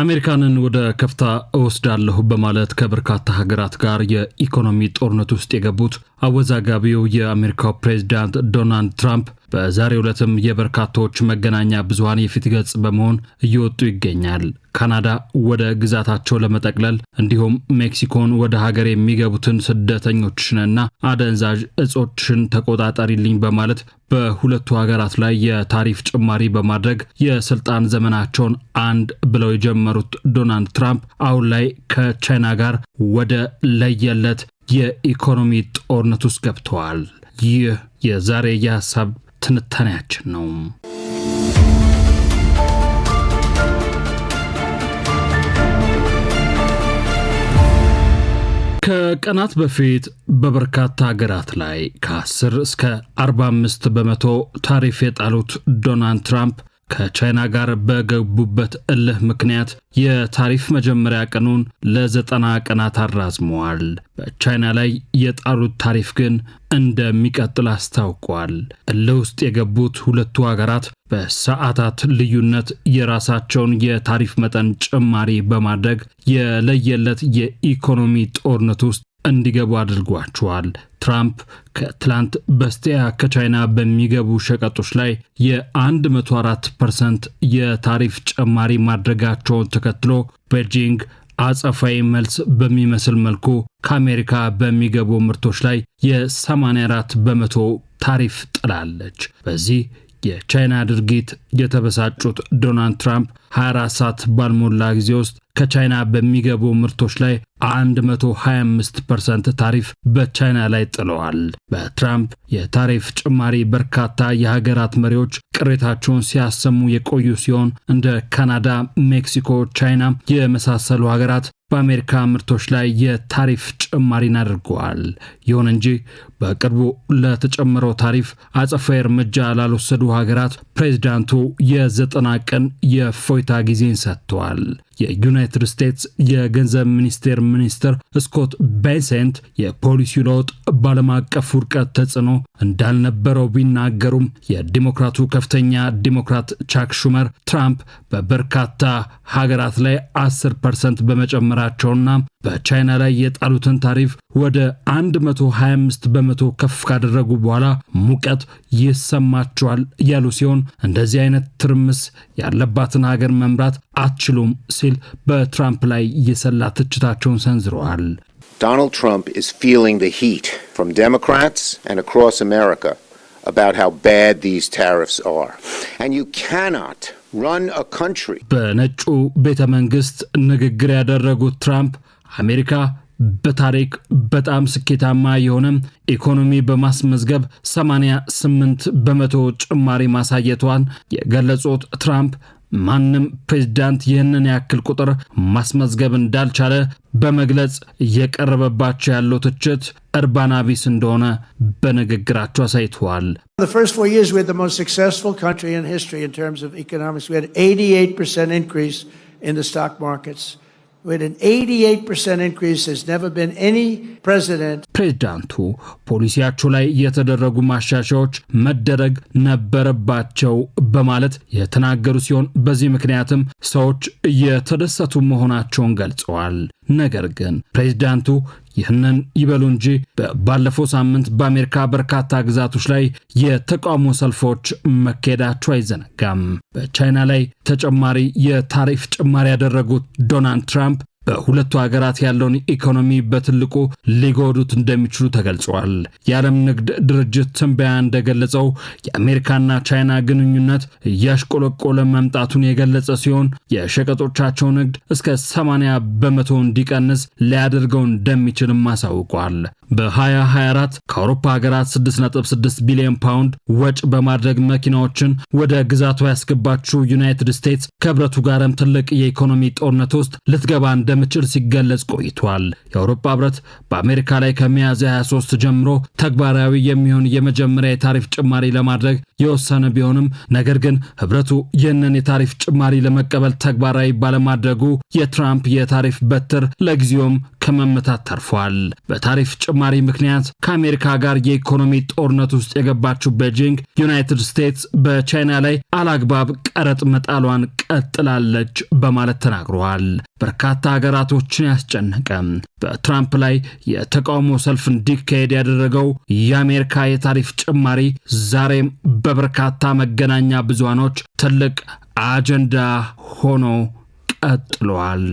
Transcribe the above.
አሜሪካንን ወደ ከፍታ እወስዳለሁ በማለት ከበርካታ ሀገራት ጋር የኢኮኖሚ ጦርነት ውስጥ የገቡት አወዛጋቢው የአሜሪካው ፕሬዚዳንት ዶናልድ ትራምፕ በዛሬ ዕለትም የበርካታዎች መገናኛ ብዙሃን የፊት ገጽ በመሆን እየወጡ ይገኛል። ካናዳ ወደ ግዛታቸው ለመጠቅለል እንዲሁም ሜክሲኮን ወደ ሀገር የሚገቡትን ስደተኞችንና አደንዛዥ እጾችን ተቆጣጠሪልኝ በማለት በሁለቱ ሀገራት ላይ የታሪፍ ጭማሪ በማድረግ የስልጣን ዘመናቸውን አንድ ብለው የጀመሩት ዶናልድ ትራምፕ አሁን ላይ ከቻይና ጋር ወደ ለየለት የኢኮኖሚ ጦርነት ውስጥ ገብተዋል። ይህ የዛሬ የሀሳብ ትንታኔያችን ነው። ከቀናት በፊት በበርካታ ሀገራት ላይ ከ10 እስከ 45 በመቶ ታሪፍ የጣሉት ዶናልድ ትራምፕ ከቻይና ጋር በገቡበት እልህ ምክንያት የታሪፍ መጀመሪያ ቀኑን ለዘጠና ቀናት አራዝመዋል። በቻይና ላይ የጣሉት ታሪፍ ግን እንደሚቀጥል አስታውቋል። እልህ ውስጥ የገቡት ሁለቱ ሀገራት በሰዓታት ልዩነት የራሳቸውን የታሪፍ መጠን ጭማሪ በማድረግ የለየለት የኢኮኖሚ ጦርነት ውስጥ እንዲገቡ አድርጓቸዋል። ትራምፕ ከትላንት በስቲያ ከቻይና በሚገቡ ሸቀጦች ላይ የ104 ፐርሰንት የታሪፍ ጭማሪ ማድረጋቸውን ተከትሎ ቤጂንግ አጸፋዊ መልስ በሚመስል መልኩ ከአሜሪካ በሚገቡ ምርቶች ላይ የ84 በመቶ ታሪፍ ጥላለች። በዚህ የቻይና ድርጊት የተበሳጩት ዶናልድ ትራምፕ 24 ሰዓት ባልሞላ ጊዜ ውስጥ ከቻይና በሚገቡ ምርቶች ላይ 125 ፐርሰንት ታሪፍ በቻይና ላይ ጥለዋል። በትራምፕ የታሪፍ ጭማሪ በርካታ የሀገራት መሪዎች ቅሬታቸውን ሲያሰሙ የቆዩ ሲሆን እንደ ካናዳ፣ ሜክሲኮ፣ ቻይና የመሳሰሉ ሀገራት በአሜሪካ ምርቶች ላይ የታሪፍ ጭማሪን አድርገዋል። ይሁን እንጂ በቅርቡ ለተጨመረው ታሪፍ አጸፋዊ እርምጃ ላልወሰዱ ሀገራት ፕሬዚዳንቱ የዘጠና ቀን የእፎይታ ጊዜን ሰጥተዋል። የዩናይትድ ስቴትስ የገንዘብ ሚኒስቴር ሚኒስትር ስኮት ቤሴንት የፖሊሲ ለውጥ ባለም አቀፍ ውድቀት ተጽዕኖ እንዳልነበረው ቢናገሩም የዲሞክራቱ ከፍተኛ ዲሞክራት ቻክ ሹመር ትራምፕ በበርካታ ሀገራት ላይ 10 ፐርሰንት በመጨመራቸውና በቻይና ላይ የጣሉትን ታሪፍ ወደ 125 በመቶ ከፍ ካደረጉ በኋላ ሙቀት ይሰማቸዋል ያሉ ሲሆን እንደዚህ አይነት ትርምስ ያለባትን ሀገር መምራት አትችሉም ሲል በትራምፕ ላይ የሰላ ትችታቸውን ሰንዝረዋል። Donald Trump is feeling the heat from Democrats and across America about how bad these tariffs are. And you cannot በነጩ ቤተ መንግስት ንግግር ያደረጉት ትራምፕ አሜሪካ በታሪክ በጣም ስኬታማ የሆነ ኢኮኖሚ በማስመዝገብ 88 በመቶ ጭማሪ ማሳየቷን የገለጹት ትራምፕ ማንም ፕሬዚዳንት ይህንን ያክል ቁጥር ማስመዝገብ እንዳልቻለ በመግለጽ እየቀረበባቸው ያለው ትችት እርባናቢስ እንደሆነ በንግግራቸው አሳይተዋል። In the stock markets. ፕሬዚዳንቱ ፖሊሲያቸው ላይ የተደረጉ ማሻሻዎች መደረግ ነበረባቸው በማለት የተናገሩ ሲሆን በዚህ ምክንያትም ሰዎች እየተደሰቱ መሆናቸውን ገልጸዋል። ነገር ግን ፕሬዚዳንቱ ይህንን ይበሉ እንጂ ባለፈው ሳምንት በአሜሪካ በርካታ ግዛቶች ላይ የተቃውሞ ሰልፎች መካሄዳቸው አይዘነጋም። በቻይና ላይ ተጨማሪ የታሪፍ ጭማሪ ያደረጉት ዶናልድ ትራምፕ በሁለቱ ሀገራት ያለውን ኢኮኖሚ በትልቁ ሊጎዱት እንደሚችሉ ተገልጿል። የዓለም ንግድ ድርጅት ትንበያ እንደገለጸው የአሜሪካና ቻይና ግንኙነት እያሽቆለቆለ መምጣቱን የገለጸ ሲሆን የሸቀጦቻቸው ንግድ እስከ 80 በመቶ እንዲቀንስ ሊያደርገው እንደሚችልም አሳውቋል። በ2024 ከአውሮፓ ሀገራት 6.6 ቢሊዮን ፓውንድ ወጪ በማድረግ መኪናዎችን ወደ ግዛቷ ያስገባችው ዩናይትድ ስቴትስ ከህብረቱ ጋርም ትልቅ የኢኮኖሚ ጦርነት ውስጥ ልትገባ እንደ እንደምችል ሲገለጽ ቆይቷል። የአውሮፓ ህብረት በአሜሪካ ላይ ከሚያዝያ 23 ጀምሮ ተግባራዊ የሚሆን የመጀመሪያ የታሪፍ ጭማሪ ለማድረግ የወሰነ ቢሆንም ነገር ግን ህብረቱ ይህንን የታሪፍ ጭማሪ ለመቀበል ተግባራዊ ባለማድረጉ የትራምፕ የታሪፍ በትር ለጊዜውም ከመመታት ተርፏል። በታሪፍ ጭማሪ ምክንያት ከአሜሪካ ጋር የኢኮኖሚ ጦርነት ውስጥ የገባችው ቤጂንግ ዩናይትድ ስቴትስ በቻይና ላይ አላግባብ ቀረጥ መጣሏን ቀጥላለች በማለት ተናግረዋል። በርካታ ሀገራቶችን ያስጨነቀ በትራምፕ ላይ የተቃውሞ ሰልፍ እንዲካሄድ ያደረገው የአሜሪካ የታሪፍ ጭማሪ ዛሬም በበርካታ መገናኛ ብዙሃኖች ትልቅ አጀንዳ ሆኖ ቀጥሏል።